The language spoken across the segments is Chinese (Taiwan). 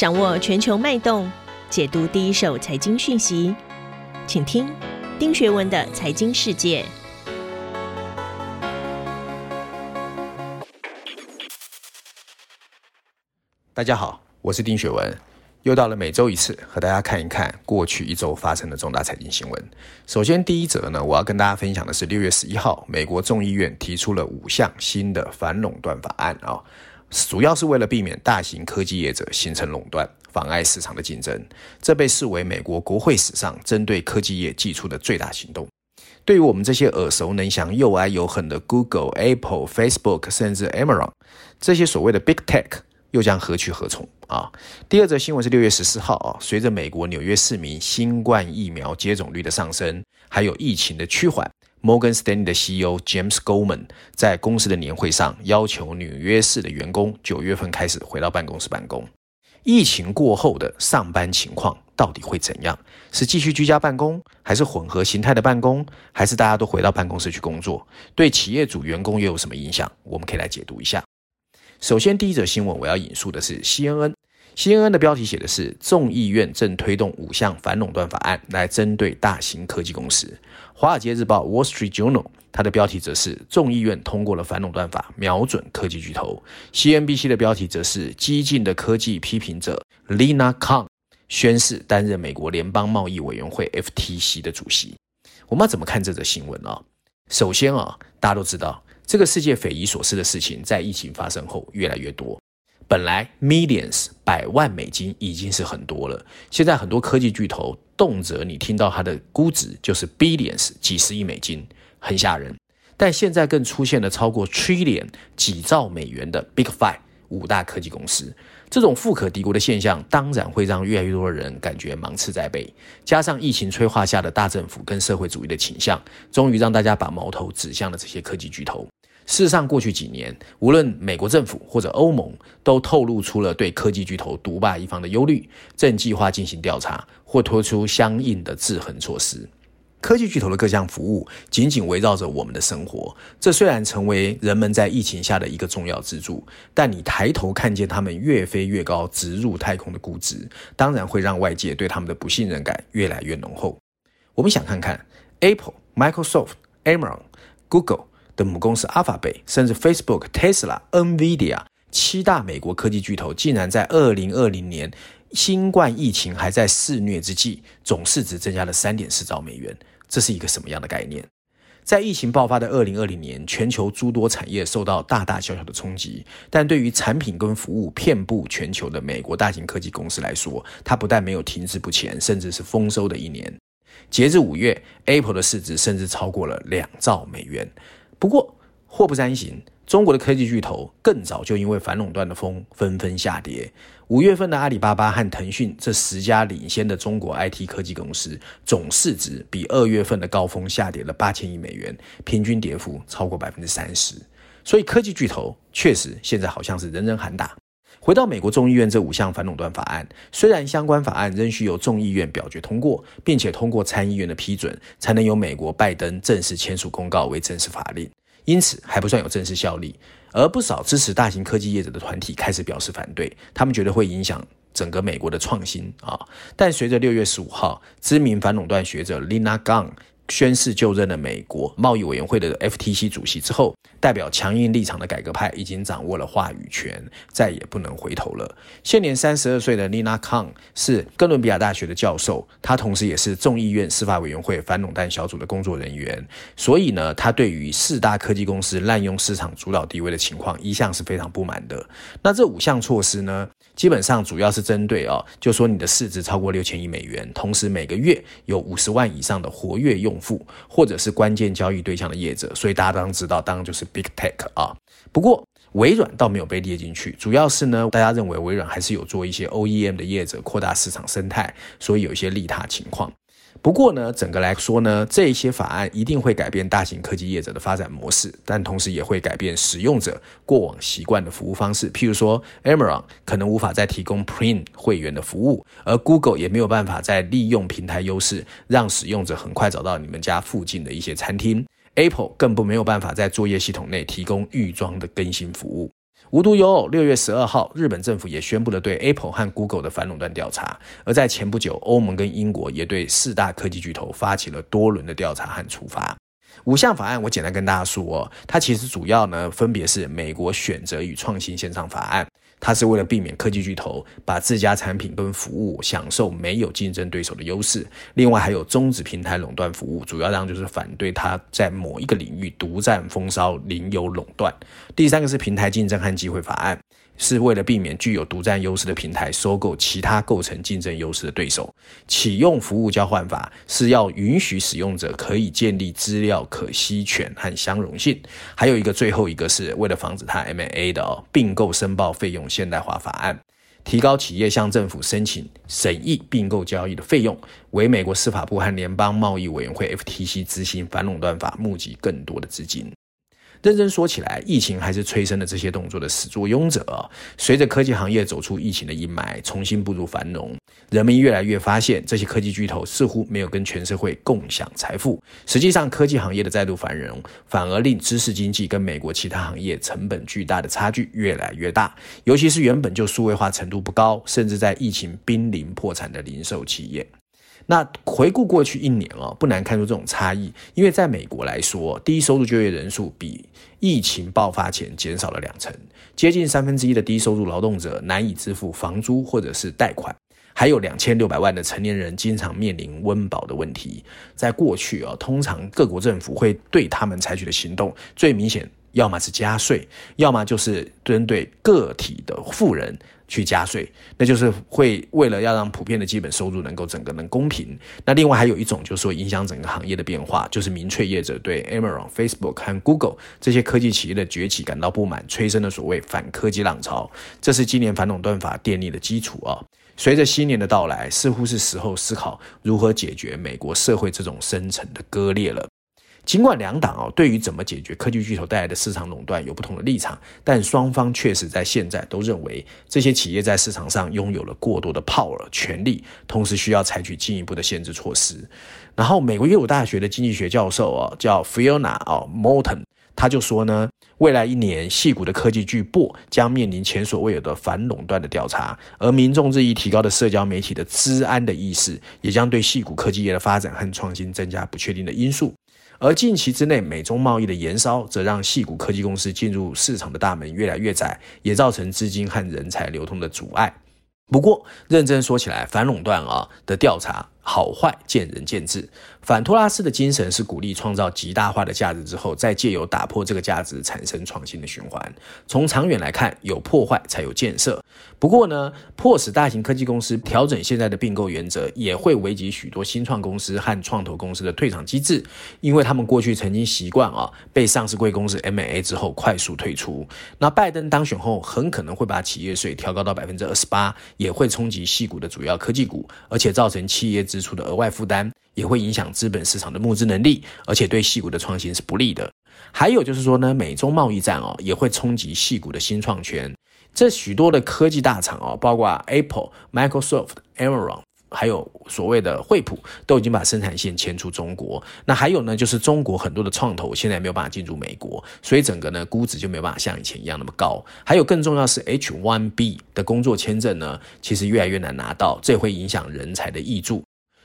掌握全球脈動，解讀第一手財經訊息，請聽丁學文的財經世界。大家好，我是丁學文，又到了每周一次，和大家看一看過去一周發生的重大財經新聞。首先，第一則呢，我要跟大家分享的是六月十一號，美國眾議院提出了五項新的反壟斷法案啊。主要是為了避免大型科技業者形成壟斷，妨礙市場的競爭，這被視為美國國會史上針對科技業祭出的最大行動。對於我們這些耳熟能詳又愛又恨的 Google、Apple、Facebook，甚至 Amazon，這些所謂的 Big Tech，又將何去何從啊、哦？第二則新聞是六月十四號啊、哦，隨着美國紐約市民新冠疫苗接種率的上升，還有疫情的趨緩。摩根士丹利的 CEO James Goldman 在公司的年會上要求紐約市的員工九月份開始回到辦公室辦公。疫情過後的上班情況到底會怎樣？是繼續居家辦公，還是混合形態的辦公，還是大家都回到辦公室去工作？對企業主、員工又有什麼影響？我們可以來解讀一下。首先，第一則新聞我要引述的是 CNN。C N N 的標題寫的是眾議院正推動五項反壟斷法案來針對大型科技公司。華爾街日報 Wall Street Journal 它的標題則是眾議院通過了反壟斷法，瞄準科技巨頭。C N B C 的標題則是激進的科技批評者 Lina Khan 宣誓擔任美國聯邦貿易委員會 F T C 的主席。我們要怎麼看這則新聞啊？首先啊，大家都知道這個世界匪夷所思的事情在疫情發生後越來越多。本來 millions 百萬美金已經是很多了，現在很多科技巨頭動輒你聽到它的估值就是 billions 幾十億美金，很嚇人。但現在更出現了超過 trillion 幾兆美元的 Big Five 五大科技公司，這種富可敵國的現象，當然會讓越來越多的人感覺芒刺在背。加上疫情催化下的大政府跟社會主義的傾向，終於讓大家把矛頭指向了這些科技巨頭。事實上，過去幾年，無論美國政府或者歐盟，都透露出了對科技巨頭獨霸一方的憂慮，正計劃進行調查或推出相應的制衡措施。科技巨頭的各項服務緊緊圍繞着我們的生活，這雖然成為人們在疫情下的一個重要支柱，但你抬頭看見他們越飛越高，直入太空的估值，當然會讓外界對他們的不信任感越來越濃厚。我們想看看 Apple、Microsoft、Amazon、Google、的母公司 Alphabet，甚至 Facebook、Tesla、NVIDIA，七大美國科技巨頭竟然在2020年新冠疫情還在肆虐之際，總市值增加了3.4兆美元。這是一個什麼樣的概念？在疫情爆發的2020年，全球諸多產業受到大大小小的衝擊，但對於產品跟服務遍布全球的美國大型科技公司來說，它不但沒有停滯不前，甚至是豐收的一年。截至五月，Apple 的市值甚至超過了兩兆美元。不過禍不單行，中國的科技巨頭更早就因為反壟斷的風紛紛下跌。五月份的阿里巴巴和騰訊這十家領先的中國 IT 科技公司總市值比二月份的高峰下跌了八千億美元，平均跌幅超過百分之三十。所以科技巨頭確實現在好像是人人喊打。回到美國眾議院，這五項反壟斷法案雖然相關法案仍需由眾議院表決通過，並且通過參議院的批准，才能由美國拜登正式簽署公告為正式法令，因此還不算有正式效力。而不少支持大型科技業者的團體開始表示反對，他們覺得會影響整個美國的創新啊、哦。但隨着六月十五號，知名反壟斷學者 Lina Khan。宣誓就任了美國貿易委員會的 FTC 主席之後，代表強硬立場的改革派已經掌握了話語權，再也不能回頭了。現年三十二歲的 Lina Khan 是哥倫比亞大學的教授，她同時也是眾議院司法委員會反壟斷小組的工作人員。所以呢，她對於四大科技公司濫用市場主導地位的情況一向是非常不滿的。那這五項措施呢？基本上主要是針對啊、哦，就說你的市值超過六千億美元，同時每個月有五十萬以上的活躍用戶，或者是關鍵交易對象的業者，所以大家當然知道，當然就是 Big Tech 啊。不過微軟倒沒有被列進去，主要是呢，大家認為微軟還是有做一些 OEM 的業者，擴大市場生態，所以有一些利他情況。不過呢，整個來說呢，這一些法案一定會改變大型科技業者的發展模式，但同時也會改變使用者過往習慣的服務方式。譬如說，Amazon 可能無法再提供 Prime 會員的服務，而 Google 也沒有辦法再利用平台優勢，讓使用者很快找到你們家附近的一些餐廳。Apple 更不沒有辦法在作業系統內提供預裝的更新服務。無獨有偶，六月十二號，日本政府也宣佈了對 Apple 和 Google 的反壟斷調查。而在前不久，歐盟跟英國也對四大科技巨頭發起了多輪的調查和處罰。五項法案，我簡單跟大家說哦，它其實主要呢，分別是《美國選擇與創新線上法案》。它是為了避免科技巨頭把自家產品跟服務享受沒有競爭對手的優勢。另外還有終止平台壟斷服務，主要這樣就是反對它在某一個領域獨占風騷，零有壟斷。第三個是平台競爭和機會法案。是為了避免具有獨佔優勢的平台收購其他構成競爭優勢的對手，啟用服務交換法是要允許使用者可以建立資料可攜權和相容性。還有一個，最後一個是為了防止它 M&A 的、哦、併購申報費用現代化法案，提高企業向政府申請審議併購交易的費用，為美國司法部和聯邦貿易委員會 FTC 執行反壟斷法募集更多的資金。認真說起來，疫情還是催生了這些動作的始作俑者。隨着科技行業走出疫情的陰霾，重新步入繁榮，人們越來越發現，這些科技巨頭似乎沒有跟全社會共享財富。實際上，科技行業的再度繁榮，反而令知識經濟跟美國其他行業成本巨大的差距越來越大，尤其是原本就數位化程度不高，甚至在疫情瀕臨破產的零售企業。那回顧過去一年啊、哦，不難看出這種差異。因為在美國來說，低收入就業人數比疫情爆發前減少了兩成，接近三分之一的低收入勞動者難以支付房租或者是貸款，還有兩千六百萬的成年人經常面臨溫飽的問題。在過去啊、哦，通常各國政府會對他們採取的行動，最明顯要麼是加稅，要麼就是針對個體的富人，去加稅，那就是會為了要讓普遍的基本收入能夠整個能公平。那另外還有一種就是說影響整個行業的變化，就是民粹業者對 Amazon、Facebook 和 Google 這些科技企業的崛起感到不滿，催生了所謂反科技浪潮。這是今年反壟斷法奠立的基礎啊、哦。隨着新年的到來，似乎是時候思考如何解決美國社會這種深層的割裂了。儘管兩黨啊對於怎麼解決科技巨頭帶來的市場壟斷有不同的立場，但雙方確實在現在都認為這些企業在市場上擁有了過多的 power 權力，同時需要採取進一步的限制措施。然後，美國耶魯大學的經濟學教授啊叫 Fiona 啊 Morton，他就說呢，未來一年，矽谷的科技巨擘將面臨前所未有的反壟斷的調查，而民眾日益提高的社交媒體的資安的意識，也將對矽谷科技業的發展和創新增加不確定的因素。而近期之內，美中貿易的延燒，則讓矽谷科技公司進入市場的大門越來越窄，也造成資金和人才流通的阻礙。不過，認真說起來，反壟斷啊的調查，好壞見仁見智。反托拉斯的精神是鼓勵創造極大化的價值之後，再借由打破這個價值產生創新的循環。從長遠來看，有破壞才有建設。不過呢，迫使大型科技公司調整現在的併購原則，也會危及許多新創公司和創投公司的退場機制，因為他們過去曾經習慣啊被上市貴公司 M&A 之後快速退出。那拜登當選後，很可能會把企業稅調高到百分之二十八，也會衝擊細股的主要科技股，而且造成企業支出的額外負擔。也會影響資本市場的募資能力，而且對矽谷的創新是不利的。還有就是說呢，美中貿易戰哦，也會衝擊矽谷的新創權。這許多的科技大廠哦，包括 Apple、Microsoft、Amazon，還有所謂的惠普，都已經把生產線遷出中國。那還有呢，就是中國很多的創投現在沒有辦法進入美國，所以整個呢估值，就沒有辦法像以前一樣那麼高。還有更重要是 H-1B 的工作簽證呢，其實越來越難拿到，這也會影響人才的挹注。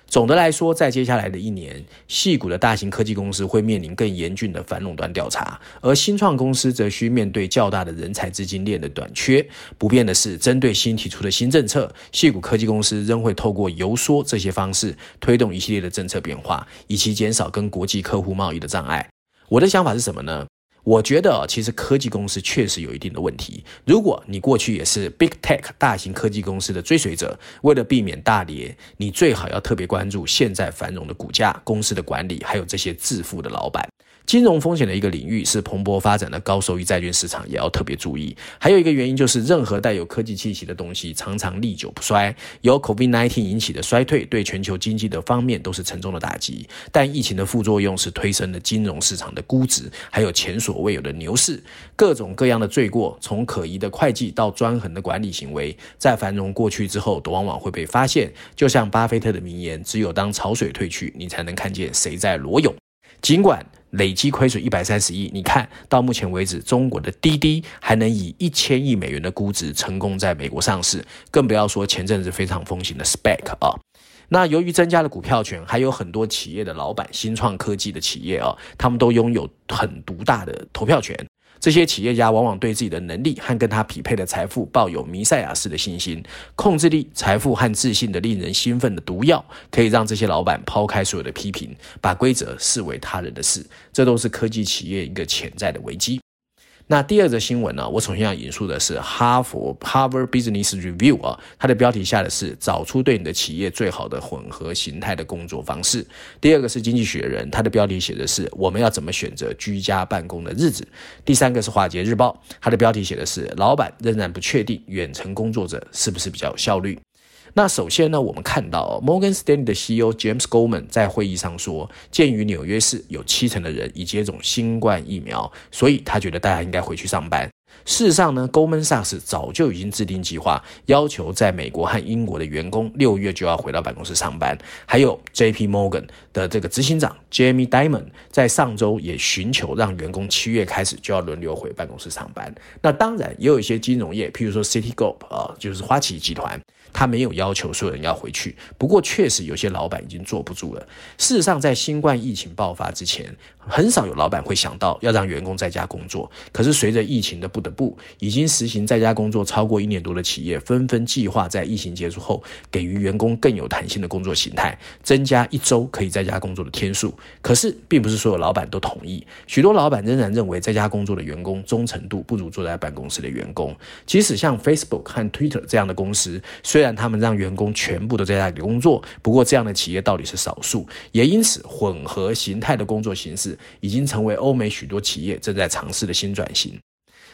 總的來說，在接下來的一年，矽谷的大型科技公司會面臨更嚴峻的反壟斷調查，而新創公司則需面對較大的人才、資金鏈的短缺。不變的是，針對新提出的新政策，矽谷科技公司仍會透過遊說這些方式，推動一系列的政策變化，以及減少跟國際客戶貿易的障礙。我的想法是什麼呢？我覺得，其實科技公司確實有一定的問題。如果你過去也是 Big Tech 大型科技公司的追隨者，為了避免大跌，你最好要特別關注現在繁榮的股價、公司的管理，還有這些自負的老板。金融風險的一個領域是蓬勃發展的高收益債券市場，也要特別注意。還有一個原因就是，任何帶有科技氣息的東西常常歷久不衰。由 COVID-19 引起的衰退對全球經濟的方面都是沉重的打擊。但疫情的副作用是推升了金融市場的估值，還有前所未有的牛市。各種各樣的罪過，從可疑的會計到專橫的管理行為，在繁榮過去之後，都往往會被發現。就像巴菲特的名言：“只有當潮水退去，你才能看見誰在裸泳。”儘管，累計虧損一百三十億，你看，到目前為止，中國的滴滴還能以一千億美元的估值成功在美國上市，更不要說前陣子非常風行的 SPAC 啊、哦。那由於增加了股票權，還有很多企業的老板，新創科技的企業啊、哦，他們都擁有很獨大的投票權。這些企業家往往對自己的能力和跟他匹配的財富抱有彌賽亞式的信心，控制力、財富和自信的令人興奮的毒藥，可以讓這些老板拋開所有的批評，把規則視為他人的事。這都是科技企業一個潛在的危機。那第二則新聞呢，啊，我首先要引述的是《哈佛 Harvard Business Review》啊，它的標題下的是“找出對你的企業最好的混合形態的工作方式”。第二個是《經濟學人》，它的標題寫的是“我們要怎麼選擇居家辦公的日子”。第三個是《華爾街日報》，它的標題寫的是“老板仍然不確定遠程工作者是不是比較有效率”。那首先呢，我們看到摩根士丹利的 CEO James Goldman 在會議上說，鑑於紐約市有七成的人已接種新冠疫苗，所以他覺得大家應該回去上班。事實上呢，Goldman Sachs 早就已經制定計劃，要求在美國和英國的員工六月就要回到辦公室上班。還有 JP Morgan 的這個執行長 Jamie Dimon 在上周也尋求讓員工七月開始就要輪流回辦公室上班。那當然也有一些金融業，譬如說 City Group 啊、呃，就是花旗集團，他沒有要求所有人要回去。不過確實有些老板已經坐不住了。事實上，在新冠疫情爆發之前，很少有老板會想到要讓員工在家工作。可是隨着疫情的不的部已經實行在家工作超過一年多的企業，紛紛計劃在疫情結束後給予員工更有彈性的工作形態，增加一周可以在家工作的天數。可是，並不是所有老闆都同意，許多老闆仍然認為在家工作的員工忠誠度不如坐在辦公室的員工。即使像 Facebook 和 Twitter 這樣的公司，雖然他們讓員工全部都在家裡工作，不過這樣的企業到底是少數，也因此混合形態的工作形式已經成為歐美許多企業正在嘗試的新轉型。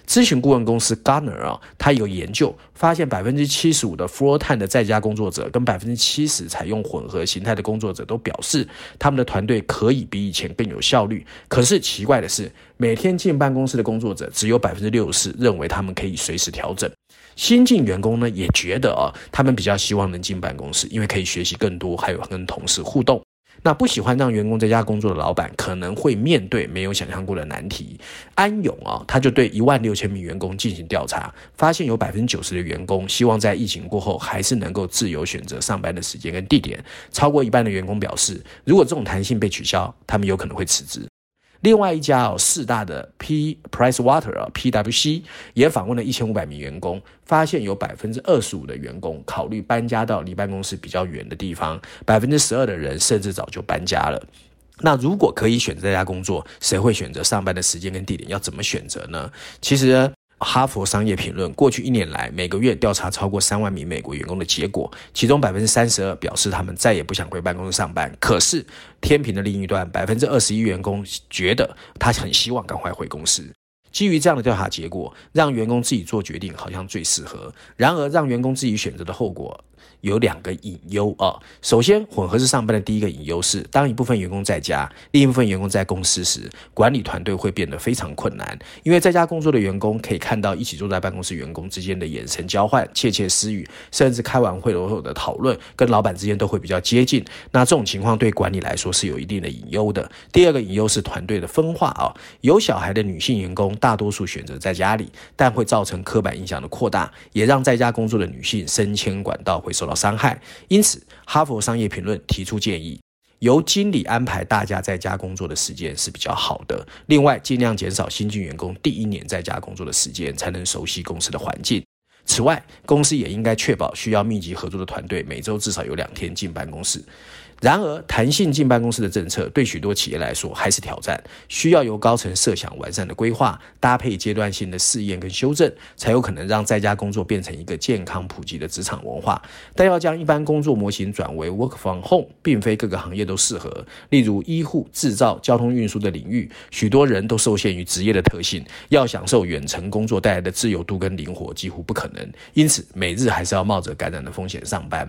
諮詢顧問公司 Gartner 啊，他有研究發現75，百分之七十五的 full-time 的在家工作者跟70，跟百分之七十採用混合形態的工作者，都表示他們的團隊可以比以前更有效率。可是奇怪的是，每天進辦公室的工作者只有百分之六十認為他們可以隨時調整。新進員工呢，也覺得啊，他們比較希望能進辦公室，因為可以學習更多，還有跟同事互動。那不喜歡讓員工在家工作的老闆，可能會面對沒有想象過的難題。安永啊，他就對一萬六千名員工進行調查，發現有百分之九十的員工希望在疫情過後還是能夠自由選擇上班的時間跟地點。超過一半的員工表示，如果這種彈性被取消，他們有可能會辭職。另外一家哦，四大的 P Pricewater 啊 PWC 也訪問了一千五百名員工，發現有百分之二十五的員工考慮搬家到離辦公室比較遠的地方，百分之十二的人甚至早就搬家了。那如果可以選擇在家工作，誰會選擇上班的時間跟地點？要怎麼選擇呢？其實。哈佛商業評論過去一年來，每個月調查超過三萬名美國員工的結果，其中百分之三十二表示他們再也不想回辦公室上班。可是天平的另一端，百分之二十一員工覺得他很希望趕快回公司。基於這樣的調查結果，讓員工自己做決定好像最適合。然而讓員工自己選擇的後果。有兩個隱憂啊。首先，混合式上班的第一個隱憂是，當一部分員工在家，另一部分員工在公司時，管理團隊會變得非常困難。因為在家工作的員工可以看到一起坐在辦公室員工之間的眼神交換、竊竊私語，甚至開完會後的討論，跟老板之間都會比較接近。那這種情況對管理來說是有一定的隱憂的。第二個隱憂是團隊的分化啊。有小孩的女性員工大多數選擇在家裡，但會造成刻板印象的擴大，也讓在家工作的女性升遷管道會受到。傷害，因此哈佛商業評論提出建議，由經理安排大家在家工作的時間是比較好的。另外，儘量減少新進員工第一年在家工作的時間，才能熟悉公司的環境。此外，公司也應該確保需要密集合作的團隊每週至少有兩天進辦公室。然而，彈性進辦公室的政策對許多企業來說還是挑戰，需要由高層設想完善的規劃，搭配階段性的試驗跟修正，才有可能讓在家工作變成一個健康普及的職場文化。但要將一般工作模型轉為 work from home 並非各個行業都適合。例如醫護、製造、交通運輸的領域，許多人都受限於職業的特性，要享受遠程工作帶來的自由度跟靈活幾乎不可能。因此，每日還是要冒着感染的風險上班。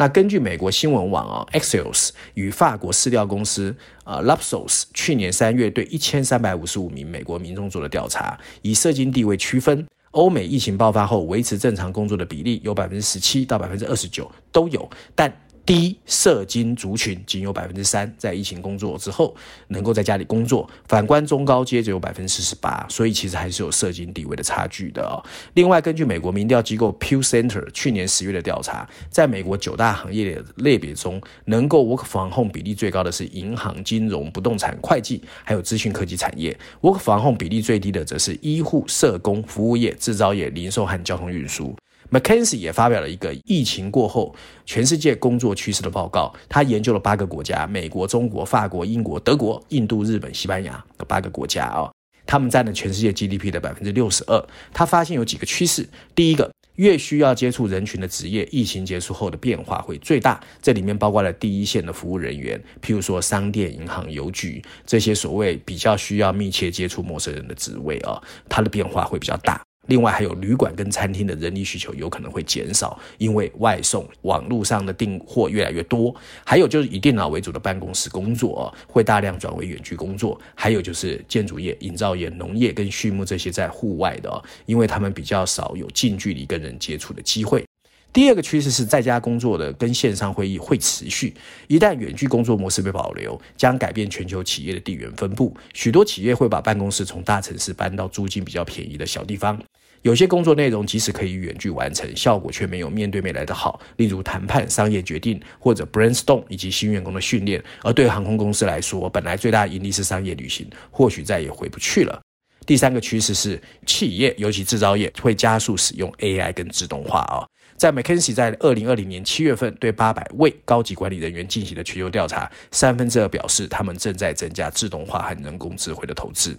那根據美國新聞網啊、哦、，Axios 與法國市調公司啊、呃、Ipsos 去年三月對一千三百五十五名美國民眾做的調查，以社經地位區分，歐美疫情爆發後維持正常工作的比例有百分之十七到百分之二十九都有，但，低社經族群僅有百分之三在疫情工作之後能夠在家裡工作，反觀中高階只有百分之四十八，所以其實還是有社經地位的差距的哦。另外，根據美國民調機構 Pew Center 去年十月的調查，在美國九大行業的類別中，能夠 work from home 比例最高的是銀行、金融、不動產、會計，還有資訊科技產業；work from home 比例最低的則是醫護、社工、服務業、製造業、零售和交通運輸。McKinsey 也發表了一個疫情過後全世界工作趨勢的報告。他研究了八個國家：美國、中國、法國、英國、德國、印度、日本、西班牙，八個國家啊，他們佔了全世界 GDP 的百分之六十二。他發現有幾個趨勢：第一個，越需要接觸人群的職業，疫情結束後的變化會最大。這裡面包括了第一線的服務人員，譬如說商店、銀行、郵局這些所謂比較需要密切接觸陌生人的職位啊，它的變化會比較大。另外還有旅館跟餐廳的人力需求有可能會減少，因為外送網絡上的訂貨越來越多。還有就是以電腦為主的辦公室工作會大量轉為遠距工作。還有就是建築業、營造業、農業跟畜牧這些在戶外的，因為他們比較少有近距離跟人接觸的機會。第二個趨勢是在家工作的跟線上會議會持續。一旦遠距工作模式被保留，將改變全球企業的地緣分布。許多企業會把辦公室從大城市搬到租金比較便宜的小地方。有些工作內容即使可以遠距完成，效果卻沒有面對面來的好。例如談判、商業決定，或者 brainstorm 以及新員工的訓練。而對航空公司來說，本來最大的盈利是商業旅行，或許再也回不去了。第三個趨勢是，企業，尤其制造業，會加速使用 AI 跟自動化。啊，在 McKinsey 在二零二零年七月份對八百位高級管理人員進行的全球調查，三分之二表示他們正在增加自動化和人工智慧的投資。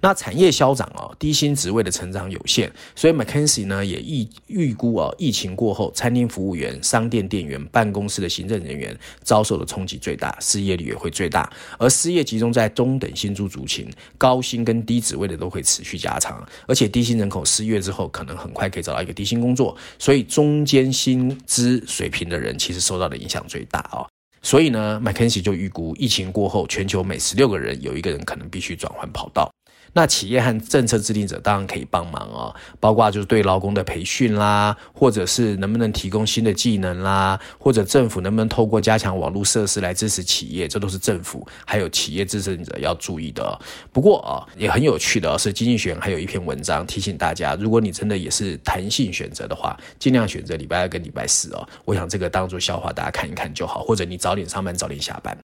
那產業消長啊、哦，低薪職位的成長有限，所以 McKinsey 呢也預預估啊、哦，疫情過後，餐廳服務員、商店店員、辦公室的行政人員遭受的衝擊最大，失業率也會最大。而失業集中在中等薪族族群，高薪跟低職位的都會持續加長。而且低薪人口失業之後，可能很快可以找到一個低薪工作，所以中間薪資水平的人其實受到的影響最大哦。所以呢 McKinsey 就預估疫情過後，全球每十六個人有一個人可能必須轉換跑道。那企業和政策制定者當然可以幫忙哦，包括就是對勞工的培訓啦，或者是能不能提供新的技能啦，或者政府能不能透過加強網絡設施來支持企業，這都是政府還有企業制定者要注意的。不過啊，也很有趣的是，經濟學人還有一篇文章提醒大家，如果你真的也是彈性選擇的話，尽量選擇禮拜二跟禮拜四哦。我想這個當作笑話大家看一看就好，或者你早點上班，早點下班。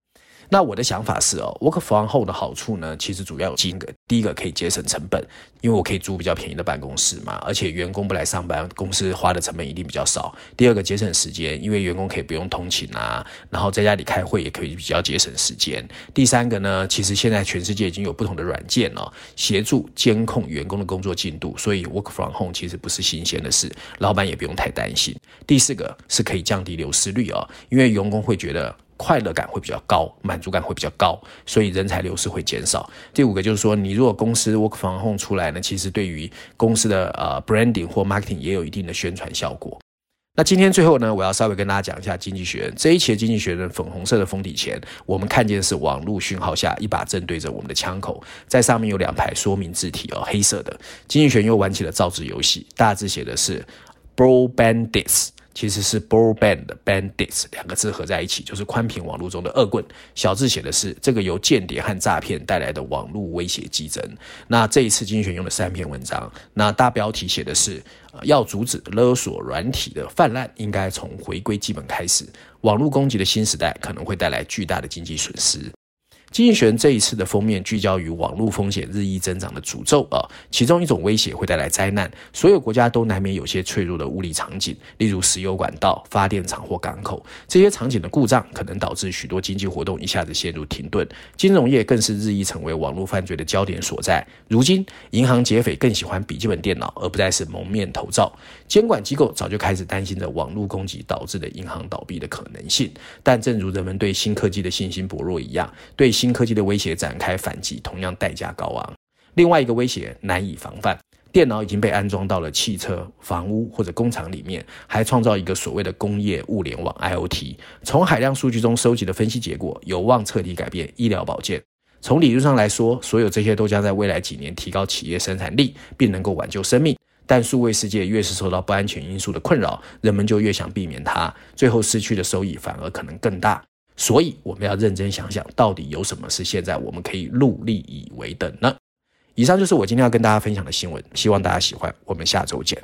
那我的想法是哦，work from home 的好處呢，其實主要有幾個。第一個可以節省成本，因為我可以租比較便宜的辦公室嘛，而且員工不來上班，公司花的成本一定比較少。第二個節省時間，因為員工可以不用通勤啊，然後在家裡開會也可以比較節省時間。第三個呢，其實現在全世界已經有不同的軟件了哦，協助監控員工的工作進度，所以 work from home 其實不是新鮮的事，老板也不用太擔心。第四個是可以降低流失率哦，因為員工會覺得。快樂感會比較高，滿足感會比較高，所以人才流失會減少。第五個就是說，你如果公司 work from home 出來呢，其實對於公司的呃 branding 或 marketing 也有一定的宣傳效果。那今天最後呢，我要稍微跟大家講一下《經濟學人》這一期《經濟學人》粉紅色的封底前，我們看見是網路訊號下一把正對着我們的槍口，在上面有兩排說明字體哦，黑色的《經濟學人》又玩起了造字遊戲，大致寫的是 “Broadbandits” 其實是 broadband bandits 兩個字合在一起，就是寬頻網絡中的惡棍。小字寫的是這個由間諜和詐騙帶來的網絡威脅激增。那這一次精選用了三篇文章，那大標題寫的是、呃、要阻止勒索軟體的泛濫，應該從回歸基本開始。網絡攻擊的新時代可能會帶來巨大的經濟損失。經濟學人這一次的封面聚焦於網絡風險日益增長的詛咒啊，呃，其中一種威脅會帶來災難。所有國家都難免有些脆弱的物理場景，例如石油管道、發電廠或港口。這些場景的故障可能導致許多經濟活動一下子陷入停頓。金融業更是日益成為網絡犯罪的焦點所在。如今，銀行劫匪更喜歡筆記本電腦，而不再是蒙面頭罩。監管機構早就開始擔心着網絡攻擊導致的銀行倒閉的可能性，但正如人們對新科技的信心薄弱一樣，對新科技的威脅展開反擊同樣代價高昂。另外一個威脅難以防範，電腦已經被安裝到了汽車、房屋或者工廠裡面，還創造一個所謂的工業物聯網 （IOT）。從海量數據中收集的分析結果，有望徹底改變醫療保健。從理論上來說，所有這些都將在未來幾年提高企業生產力，並能夠挽救生命。但數位世界越是受到不安全因素的困擾，人們就越想避免它，最後失去的收益反而可能更大。所以，我們要認真想想，到底有什麼是現在我們可以努力以為的呢？以上就是我今天要跟大家分享的新聞，希望大家喜歡。我們下周見。